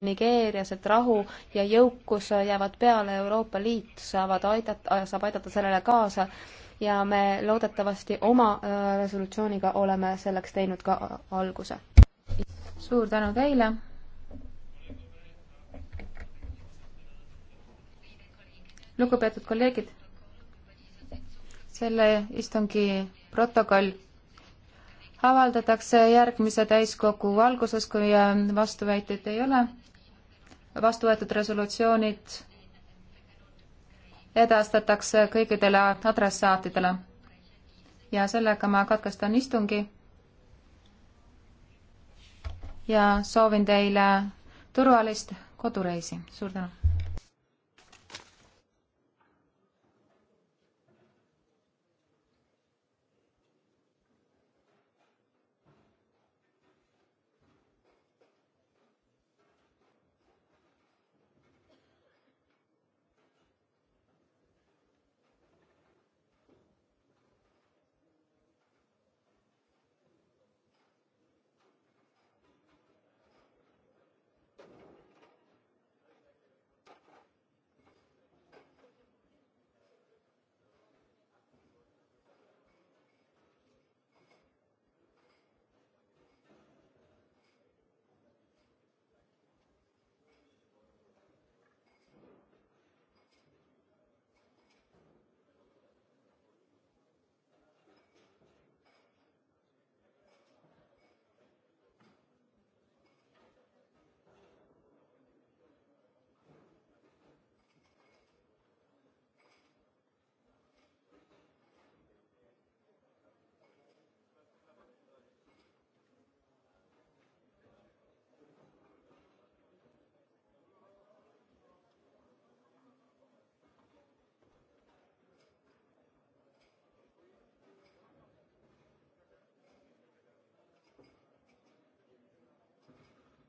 Nigeerias, et rahu ja jõukus jäävad peale, Euroopa Liit saavad aidata, saab aidata sellele kaasa ja me loodetavasti oma äh, resolutsiooniga oleme selleks teinud ka äh, alguse. suur tänu teile! lugupeetud kolleegid, selle istungi protokoll avaldatakse järgmise täiskogu alguses, kui äh, vastuväiteid ei ole. vastu võetud resolutsioonid edastatakse kõikidele adressaatidele. ja sellega ma katkestan istungi. ja soovin teile turvalist kodureisi. suur tänu!